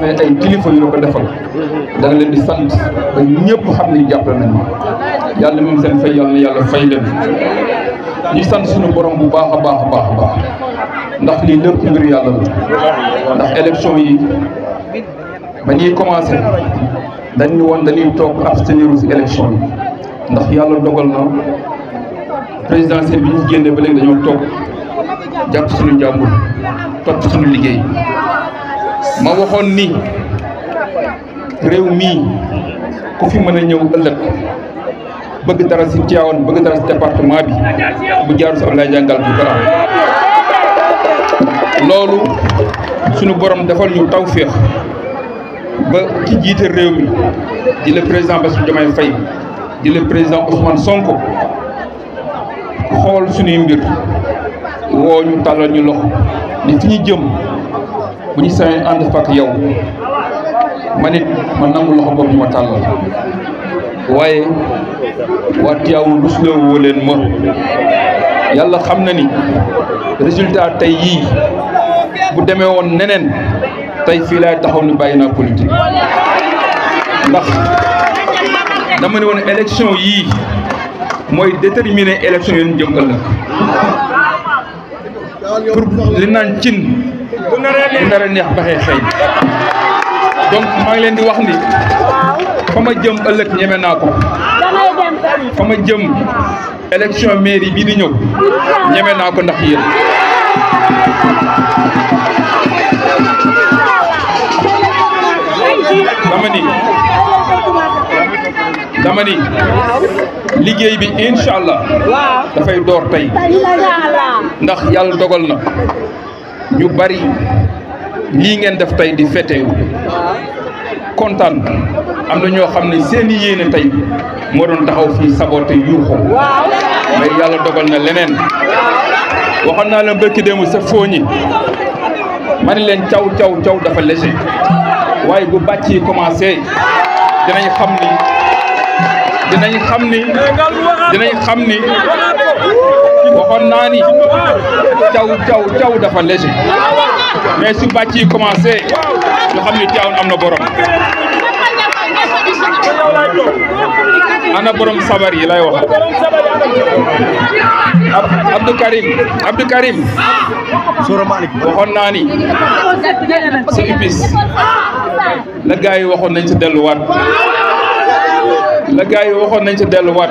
mais ay kilifa yu la ko defal da leen di sant ba ñëpp xam ne jàppale nañu yàlla moom seen fay yàlla na yàlla fay leen ñuy sant suñu borom bu baax a baax a baax ndax lii lépp ngir yàlla la ndax élection yi ba ñuy commencé dañu woon dañuy toog abstenir si élection yi ndax yàlla dogal na présidentielle bi ñu génnee ba léegi dañoo toog jàpp suñu njàmbur topp suñu liggéey ma waxoon ni réew mii ku fi mën a ñëw ëllëg bëgg dara si Tivaouane bëgg dara si département bi bu jaaru si Abdoulaye Diagne Gall bu dara loolu sunu borom defal ñu tawféex ba ci jiite réew mi di le président Bassirou Diomaye Faye di le président Ousmane Sonko xool sunuy mbir woo ñu tàllal ñu loxo ni fi ñu jëm bu ñu sañoon ànd fa ak yow man it ma nangu loxo boobu ma tàllal waaye waa Tivaouane rusloo woo leen ma yàlla xam na ni résultat tey yii bu demee woon neneen tey fii laay taxaw ni bàyyi naa politique ndax dama ne woon élection yii mooy déterminer élection yi ñu jëm pour li naan cin. bu naree neex baxee xëy donc maa ngi leen di wax ni fa ma jëm ëllëg naa ko ma jëm élection mairie bii di ñëw ñeme naa ko ndax yéen dama ni dama liggéey bi incha allah dafay door tey ndax yàlla dogal na ñu bari lii ngeen def tey di fêter kontaan am na ñoo xam ne seen i tey moo doon taxaw fii saboté yuuxu mais yàlla dogal na leneen waxoon naa la mbëkki démb sa fooñi ma ni leen caw caw caw dafa léger waaye bu bàcc yi commencé dinañ xam ni dinañ xam ni dinañ xam ni waxoon naa ni caw caw caw dafa léger mais su yi commencé ñu xam ni Tivaouane am na borom ana sabar yi lay wax Abdou Karim waxoon naa ni si UPIS la gars yi waxoon nañ si delluwaat la gars yi waxoon nañ si delluwaat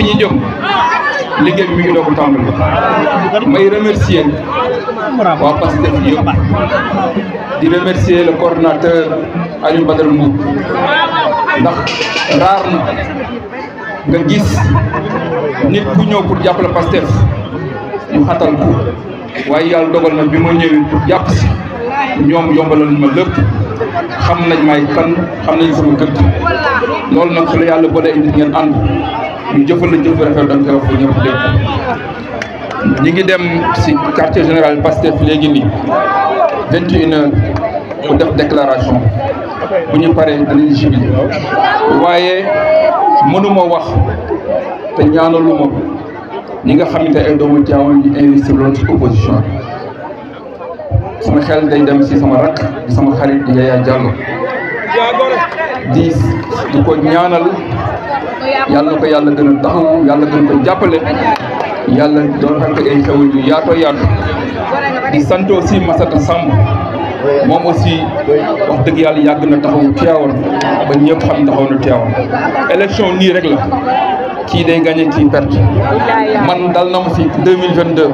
fi ñu jóg liggéey bi mi ngi doog a tàmbali may remercier waa Pastef yëpp di remercier le coordonnateur Aliou Badara Mbour ndax raar na nga gis nit ku ñëw pour jàppale Pastef ñu xatal ko waaye yàlla dogal na bi ma ñëwee pour jàpp si ñoom yombalal ma lépp xam nañ may kan xam nañ sama gëdd loolu nag su la yàlla boole indi ngeen ànd ñu jëfal la jëf bu rafet da nga koy wax ba ngi dem si quartier général Pastef léegi nii vingt et une heures pour def déclaration bu ñu paree danañ jibili waaye mënuma wax te ñaanaluma ñi nga xamante ay doomu Tivaouane ñu investir loolu ci opposition sama xel day dem si sama rakk di sama xarit di Yaya diis di ko ñaanal yàlla ko yàlla gën a taxaw yàlla gën ko jàppale yàlla doon fekk ay xew yu yaatoo yaatu di sant aussi Massata Samb moom aussi wax dëgg yàlla yàgg na taxawu Tivaouane ba ñëpp xam taxaw na Tivaouane élection nii rek la kii day gagné kii perte man dal na ma si 2022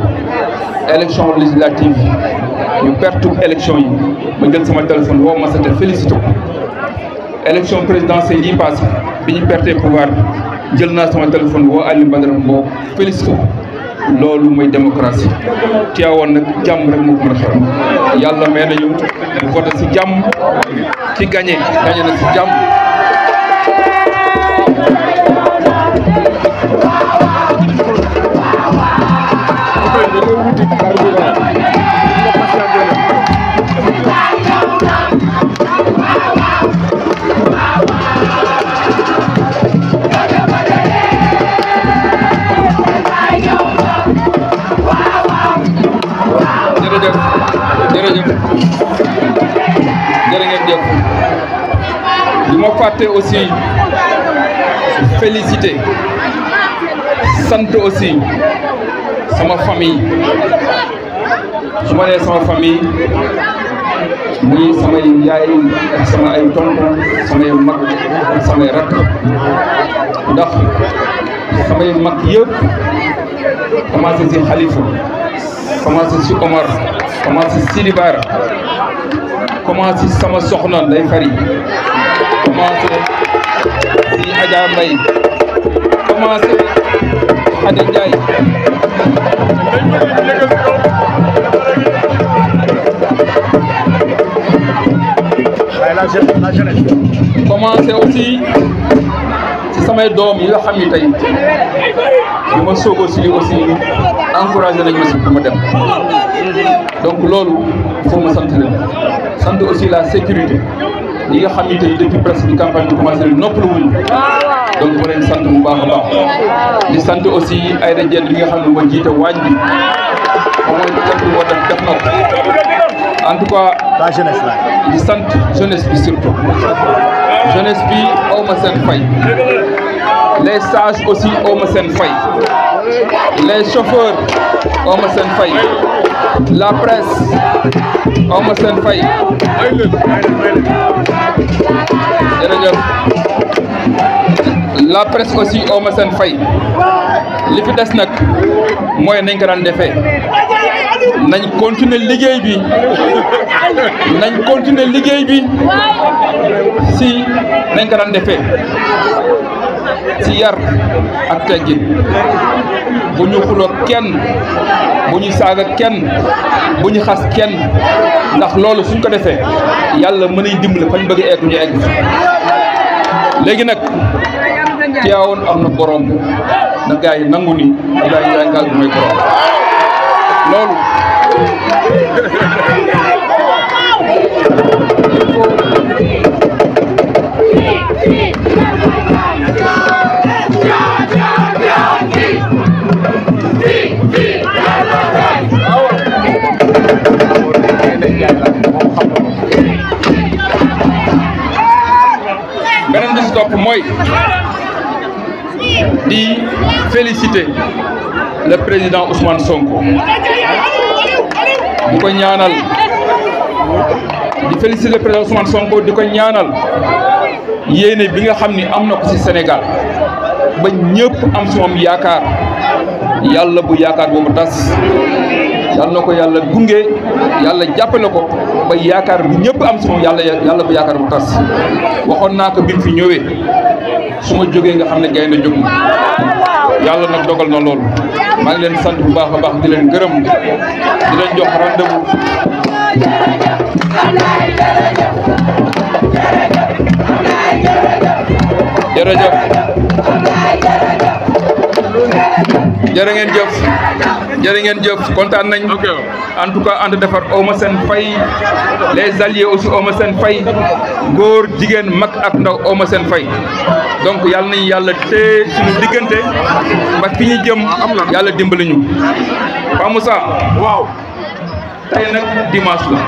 élection législative yu perte élection yi ma jël sama téléphone woo Massata félicité ko élection présidentielle yi passé bi ñu perte pouvoir jël naa sama téléphone woo Aliou Badara Mbow félicité loolu mooy démocratie teewoon nag jàmm rek moo ko mën a xew yàlla may si jàmm ci gagné gagné na si jàmm jërë ngeen jëf ma fàtte aussi félicité sant aussi sama famille su ma nee sama famille muy samay yaay ak ay tonton samay mag samay rakk ndax samay mag yëpp commencé si Khalifa commencé si Omar commencé si Sidi commencé sama soxna day fari commencé si Adja Mbaye commencé Adja Ndiaye commencé aussi ci samay doom yi nga xam ni tey bi ma soog a aussi encouragé nañ ma si ma dem donc loolu foog ma sant leen aussi la sécurité ñi nga xam ni tey depuis presque bi campagne bi commencé nañu noppalu wuñu sant bu baax a baax di sant aussi Aïda Dieng bi nga xam ne moo jiite waañ bi moom mooy sant moo def def na ko en tout cas. la jeunesse la di sant jeunesse bi surtout jeunesse bi aw ma seen fay les sages aussi aw ma fay les chauffeurs aw ma seen fay. la presse Eumeu Sène Faye jërëjëf la presse aussi Eumeu Sène Faye li fi des nag mooy nañ ko daan defee nañ continuer liggéey bi nañ continuer liggéey bi si nañ ko daan ci yar ak teggin bu ñu xuloo kenn bu ñu saaga kenn bu ñu xas kenn ndax loolu suñ ko defee yàlla mën nañ dimbali fañ bëgg egg ñu egg léegi nag Tiwaawoon am na borom na gars yi nangu ni Ilaahi loolu mooy di féliciter le président Ousmane Sonko di ko ñaanal di féliciter le président Ousmane Sonko di ko ñaanal yéene bi nga xam ni am na ko si Sénégal ba ñëpp am ci moom yaakaar yàlla bu yaakaar boobu tas yàlla na ko yàlla gunge yàlla jàppale ko ba yaakaar bi ñëpp am ci yàlla yàlla bu yaakaar bu tas waxoon naa ko bi mu fi ñëwee. su ma jógee nga xam ne gaynde jóg na yàlla nag dogal na loolu maa ngi leen sant bu baax a baax di leen gërëm di leen jox rendez-vous jërëjëf jërë ngeen jëf jërë ngeen jëf kontaan nañ en tout cas ànd defar awma seen fay les alliés aussi awma seen fay góor jigéen mag ak ndaw awma seen fay donc yàlla nañu yàlla tee suñu diggante ba fi ñu jëm am na yàlla dimbali ñu Pa Moussa waaw tey nag dimanche la